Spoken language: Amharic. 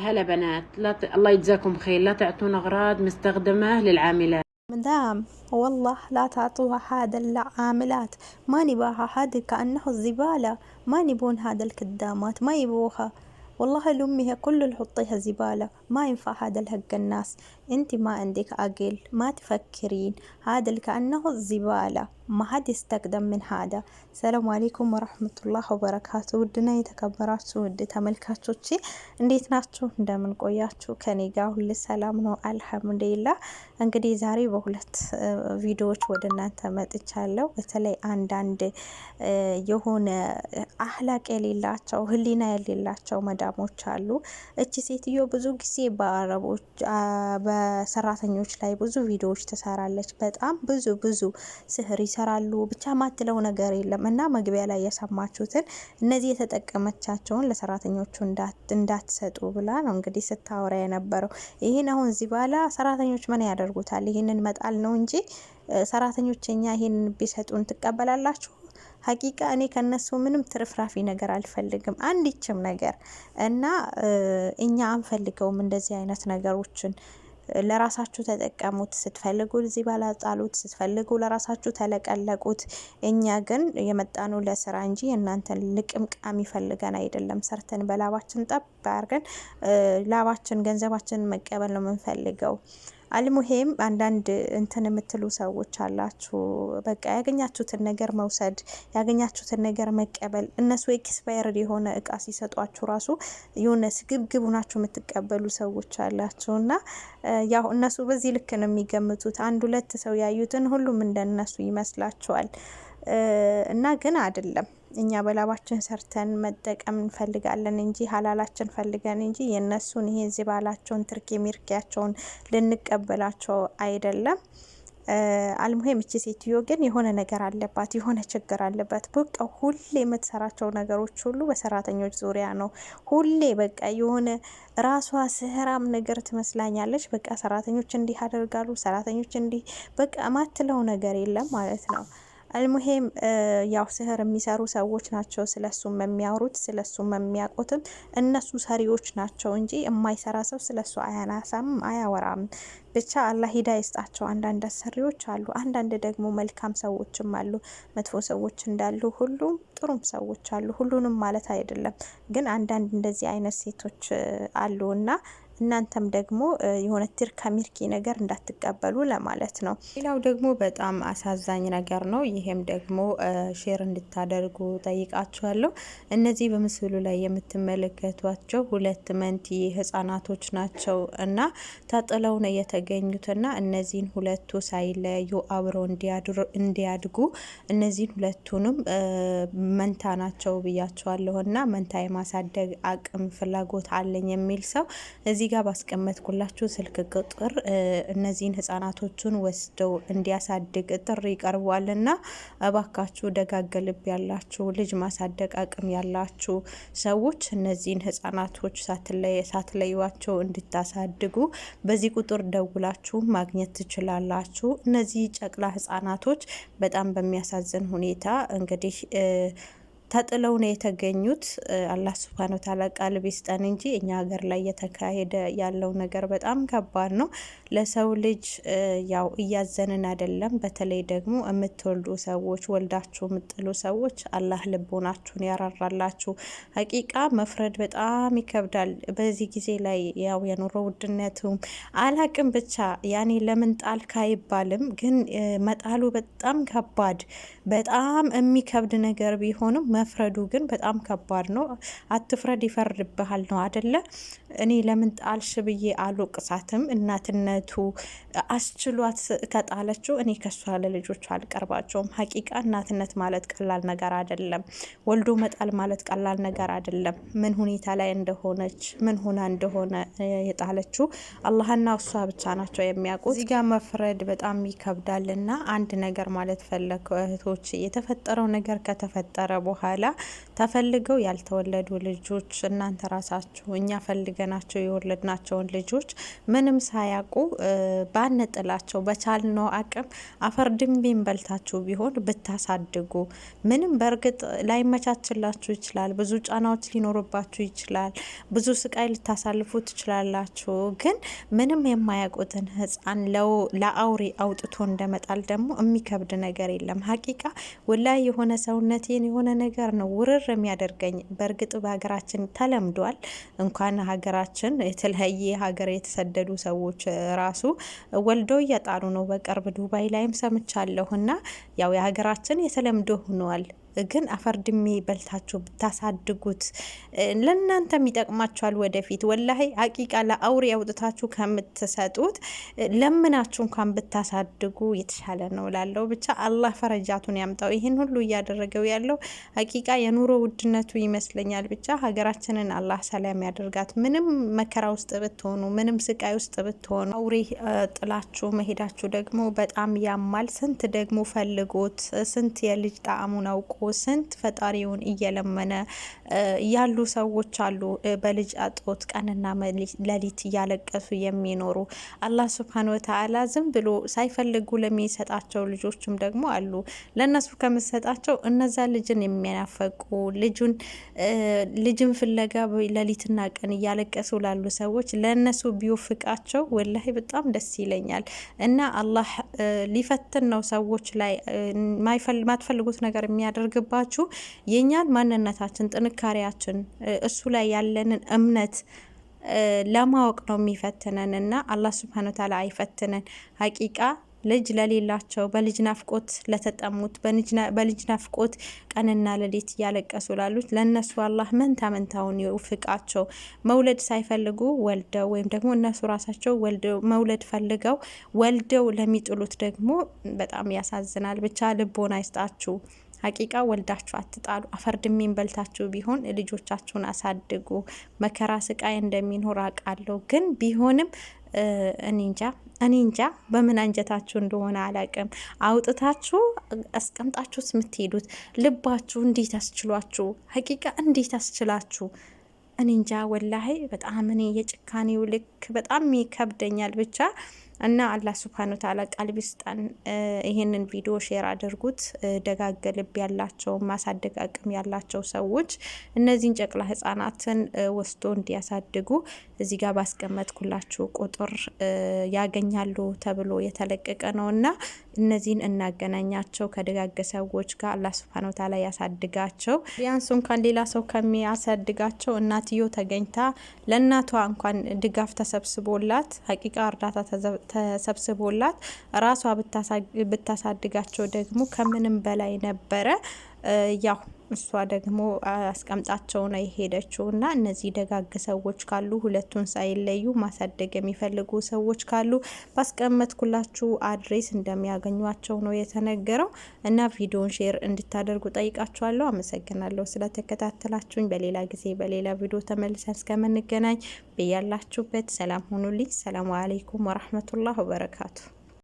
هلا بنات لا ت... الله يجزاكم خير لا تعطونا أغراض مستخدمة للعاملات مدام والله لا تعطوها هذا العاملات ما نباها هذا كأنه الزبالة ما نبون هذا الكدامات ما يبوها والله لأمي هي كل اللي حطيها زبالة ما ينفع هذا الهق الناس انتي ما عندك عقل ما تفكرين هذا اللي كأنه الزبالة ما حد يستقدم من هذا السلام عليكم ورحمة الله وبركاته ودنا يتكبرات ودي تملكاتو تشي انديت من دامن قوياتو كنيقا هل سلام نو الحمد لله انقدي زاري بغلت فيديوش ودنا تمت اتشالو بتلي عنداند يهون احلاك اللي لاتو هلينا اللي لاتو مدام ማዳሞች አሉ። እቺ ሴትዮ ብዙ ጊዜ በአረቦች በሰራተኞች ላይ ብዙ ቪዲዮዎች ትሰራለች። በጣም ብዙ ብዙ ስህር ይሰራሉ። ብቻ ማትለው ነገር የለም እና መግቢያ ላይ የሰማችሁትን እነዚህ የተጠቀመቻቸውን ለሰራተኞቹ እንዳትሰጡ ብላ ነው እንግዲህ ስታወራ የነበረው። ይህን አሁን እዚህ በኋላ ሰራተኞች ምን ያደርጉታል? ይህንን መጣል ነው እንጂ ሰራተኞች እኛ ይህንን ቢሰጡን ትቀበላላችሁ ሀቂቃ እኔ ከነሱ ምንም ትርፍራፊ ነገር አልፈልግም፣ አንዲችም ነገር እና እኛ አንፈልገውም እንደዚህ አይነት ነገሮችን። ለራሳችሁ ተጠቀሙት፣ ስትፈልጉ እዚህ ባላጣሉት፣ ስትፈልጉ ለራሳችሁ ተለቀለቁት። እኛ ግን የመጣኑ ለስራ እንጂ እናንተን ልቅምቃሚ ፈልገን አይደለም። ሰርተን በላባችን ጠብ አርገን ላባችን ገንዘባችንን መቀበል ነው የምንፈልገው። አልሙሄም አንዳንድ እንትን የምትሉ ሰዎች አላችሁ። በቃ ያገኛችሁትን ነገር መውሰድ፣ ያገኛችሁትን ነገር መቀበል። እነሱ ኤክስፓየርድ የሆነ እቃ ሲሰጧችሁ ራሱ የሆነ ስግብግቡ ናችሁ የምትቀበሉ ሰዎች አላችሁ። እና ያው እነሱ በዚህ ልክ ነው የሚገምቱት። አንድ ሁለት ሰው ያዩትን ሁሉም እንደነሱ ይመስላችኋል። እና ግን አይደለም እኛ በላባችን ሰርተን መጠቀም እንፈልጋለን እንጂ ሀላላችን ፈልገን እንጂ የእነሱን ይሄ እዚህ ባላቸውን ትርኪ ሚርኪያቸውን ልንቀበላቸው አይደለም። አልሙሄም እቺ ሴትዮ ግን የሆነ ነገር አለባት፣ የሆነ ችግር አለባት። በቃ ሁሌ የምትሰራቸው ነገሮች ሁሉ በሰራተኞች ዙሪያ ነው። ሁሌ በቃ የሆነ ራሷ ስህራም ነገር ትመስላኛለች። በቃ ሰራተኞች እንዲህ አደርጋሉ፣ ሰራተኞች እንዲህ በቃ ማትለው ነገር የለም ማለት ነው። አልሙሄም ያው ስህር የሚሰሩ ሰዎች ናቸው ስለሱም የሚያወሩት ስለሱም የሚያውቁትም እነሱ ሰሪዎች ናቸው እንጂ የማይሰራ ሰው ስለሱ አያናሳም አያወራም። ብቻ አላህ ሂዳ ይስጣቸው። አንዳንድ አሰሪዎች አሉ፣ አንዳንድ ደግሞ መልካም ሰዎችም አሉ። መጥፎ ሰዎች እንዳሉ ሁሉም ጥሩም ሰዎች አሉ። ሁሉንም ማለት አይደለም፣ ግን አንዳንድ እንደዚህ አይነት ሴቶች አሉ እና እናንተም ደግሞ የሆነ ትርካ ሚርኪ ነገር እንዳትቀበሉ ለማለት ነው። ሌላው ደግሞ በጣም አሳዛኝ ነገር ነው። ይሄም ደግሞ ሼር እንድታደርጉ ጠይቃችኋለሁ። እነዚህ በምስሉ ላይ የምትመለከቷቸው ሁለት መንቲ ህጻናቶች ናቸው እና ተጥለው ነው የተገኙትና እነዚህን ሁለቱ ሳይለያዩ አብረው እንዲያድጉ እነዚህን ሁለቱንም መንታ ናቸው ብያቸዋለሁ እና መንታ የማሳደግ አቅም ፍላጎት አለኝ የሚል ሰው እዚህ እዚህ ጋር ባስቀመጥኩላችሁ ስልክ ቁጥር እነዚህን ህጻናቶቹን ወስደው እንዲያሳድግ ጥሪ ቀርቧልና እባካችሁ ደጋገ ልብ ያላችሁ ልጅ ማሳደግ አቅም ያላችሁ ሰዎች እነዚህን ህጻናቶች ሳትለዩዋቸው እንድታሳድጉ በዚህ ቁጥር ደውላችሁ ማግኘት ትችላላችሁ። እነዚህ ጨቅላ ህጻናቶች በጣም በሚያሳዝን ሁኔታ እንግዲህ ተጥለው ነው የተገኙት። አላህ ሱብሃነ ወተዓላ ቃል ቢስጠን እንጂ እኛ ሀገር ላይ እየተካሄደ ያለው ነገር በጣም ከባድ ነው። ለሰው ልጅ ያው እያዘንን አይደለም። በተለይ ደግሞ የምትወልዱ ሰዎች፣ ወልዳችሁ የምጥሉ ሰዎች አላህ ልቦናችሁን ያራራላችሁ። ሀቂቃ መፍረድ በጣም ይከብዳል። በዚህ ጊዜ ላይ ያው የኑሮ ውድነቱ አላቅም ብቻ ያኔ ለምን ጣልክ አይባልም፣ ግን መጣሉ በጣም ከባድ በጣም የሚከብድ ነገር ቢሆንም መፍረዱ ግን በጣም ከባድ ነው። አትፍረድ ይፈርድብሃል ነው አደለ? እኔ ለምን ጣልሽ ብዬ አልወቅሳትም። እናትነቱ አስችሏት ከጣለችው እኔ ከሷ ለልጆቹ አልቀርባቸውም። ሀቂቃ እናትነት ማለት ቀላል ነገር አይደለም። ወልዶ መጣል ማለት ቀላል ነገር አይደለም። ምን ሁኔታ ላይ እንደሆነች ምን ሁና እንደሆነ የጣለችው አላህና እሷ ብቻ ናቸው የሚያውቁት። እዚህ ጋር መፍረድ በጣም ይከብዳል። እና አንድ ነገር ማለት ፈለግ እህቶች የተፈጠረው ነገር ከተፈጠረ በኋላ ተፈልገው ያልተወለዱ ልጆች እናንተ ራሳችሁ እኛ ፈልገናቸው የወለድናቸውን ልጆች ምንም ሳያውቁ ባንጥላቸው በቻልነው አቅም አፈር ድንቢን በልታችሁ ቢሆን ብታሳድጉ ምንም በእርግጥ ላይመቻችላችሁ ይችላል። ብዙ ጫናዎች ሊኖርባችሁ ይችላል። ብዙ ስቃይ ልታሳልፉ ትችላላችሁ። ግን ምንም የማያውቁትን ህፃን ለአውሬ አውጥቶ እንደመጣል ደግሞ የሚከብድ ነገር የለም። ሀቂቃ ወላይ የሆነ ሰውነቴን የሆነ ነገር ነው ውርር የሚያደርገኝ በእርግጥ በሀገራችን ተለምዷል። እንኳን ሀገራችን የተለያየ ሀገር የተሰደዱ ሰዎች ራሱ ወልደው እያጣሉ ነው። በቅርብ ዱባይ ላይም ሰምቻለሁ እና ያው የሀገራችን የተለምዶ ሆኗል። ግን አፈርድሜ በልታችሁ ብታሳድጉት ለእናንተም ይጠቅማችኋል። ወደፊት ወላሂ አቂቃ ለአውሬ አውጥታችሁ ከምትሰጡት ለምናችሁ እንኳን ብታሳድጉ የተሻለ ነው ላለው ብቻ አላህ ፈረጃቱን ያምጣው። ይህን ሁሉ እያደረገው ያለው አቂቃ የኑሮ ውድነቱ ይመስለኛል። ብቻ ሀገራችንን አላህ ሰላም ያደርጋት። ምንም መከራ ውስጥ ብትሆኑ፣ ምንም ስቃይ ውስጥ ብትሆኑ፣ አውሬ ጥላችሁ መሄዳችሁ ደግሞ በጣም ያማል። ስንት ደግሞ ፈልጎት ስንት የልጅ ጣዕሙን አውቁ ስንት ፈጣሪውን እየለመነ ያሉ ሰዎች አሉ። በልጅ አጦት ቀንና ሌሊት እያለቀሱ የሚኖሩ አላህ ሱብሃነ ወተዓላ ዝም ብሎ ሳይፈልጉ ለሚሰጣቸው ልጆችም ደግሞ አሉ። ለእነሱ ከምሰጣቸው እነዛ ልጅን የሚናፈቁ ልጁን ልጅን ፍለጋ ሌሊትና ቀን እያለቀሱ ላሉ ሰዎች ለእነሱ ቢወፍቃቸው ወላሂ በጣም ደስ ይለኛል። እና አላህ ሊፈትን ነው ሰዎች ላይ ማትፈልጉት ነገር የሚያደርግ ያደርግባችሁ። የእኛን ማንነታችን፣ ጥንካሬያችን፣ እሱ ላይ ያለንን እምነት ለማወቅ ነው የሚፈትነን እና አላህ ስብሃነ ወተዓላ አይፈትነን ሀቂቃ ልጅ ለሌላቸው በልጅ ናፍቆት ለተጠሙት በልጅ ናፍቆት ቀንና ሌሊት እያለቀሱ ላሉት ለእነሱ አላህ መንታ መንታውን ይውፍቃቸው። መውለድ ሳይፈልጉ ወልደው ወይም ደግሞ እነሱ ራሳቸው መውለድ ፈልገው ወልደው ለሚጥሉት ደግሞ በጣም ያሳዝናል። ብቻ ልቦና አይስጣችሁ። ሀቂቃ ወልዳችሁ አትጣሉ። አፈር ድሜን በልታችሁ ቢሆን ልጆቻችሁን አሳድጉ። መከራ ስቃይ እንደሚኖር አውቃለሁ፣ ግን ቢሆንም እኔ እንጃ እኔ እንጃ በምን አንጀታችሁ እንደሆነ አላቅም። አውጥታችሁ አስቀምጣችሁ የምትሄዱት ልባችሁ እንዴት አስችሏችሁ? ሀቂቃ እንዴት አስችላችሁ? እኔ እንጃ ወላሂ፣ በጣም እኔ የጭካኔው ልክ በጣም ይከብደኛል ብቻ እና አላህ ሱብሃነ ወተዓላ ቃል ቢስጣን። ይሄንን ቪዲዮ ሼር አድርጉት። ደጋግ ልብ ያላቸው ማሳደግ አቅም ያላቸው ሰዎች እነዚህን ጨቅላ ህጻናትን ወስዶ እንዲያሳድጉ እዚህ ጋር ባስቀመጥኩላችሁ ቁጥር ያገኛሉ ተብሎ የተለቀቀ ነው እና እነዚህን እናገናኛቸው ከደጋግ ሰዎች ጋር አላህ ሱብሃነ ወተዓላ ያሳድጋቸው። ቢያንስ እንኳን ሌላ ሰው ከሚያሳድጋቸው እናትዮ ተገኝታ ለእናቷ እንኳን ድጋፍ ተሰብስቦላት ሀቂቃ እርዳታ ተሰብስቦላት ራሷ ብታሳድጋቸው ደግሞ ከምንም በላይ ነበረ። ያው እሷ ደግሞ አስቀምጣቸው ነው የሄደችው። እና እነዚህ ደጋግ ሰዎች ካሉ ሁለቱን ሳይለዩ ማሳደግ የሚፈልጉ ሰዎች ካሉ ባስቀመጥኩላችሁ አድሬስ እንደሚያገኟቸው ነው የተነገረው። እና ቪዲዮን ሼር እንድታደርጉ ጠይቃችኋለሁ። አመሰግናለሁ ስለተከታተላችሁኝ። በሌላ ጊዜ በሌላ ቪዲዮ ተመልሰን እስከምንገናኝ ብያላችሁበት ሰላም ሁኑልኝ። ሰላሙ አሌይኩም ወረህመቱላህ ወበረካቱ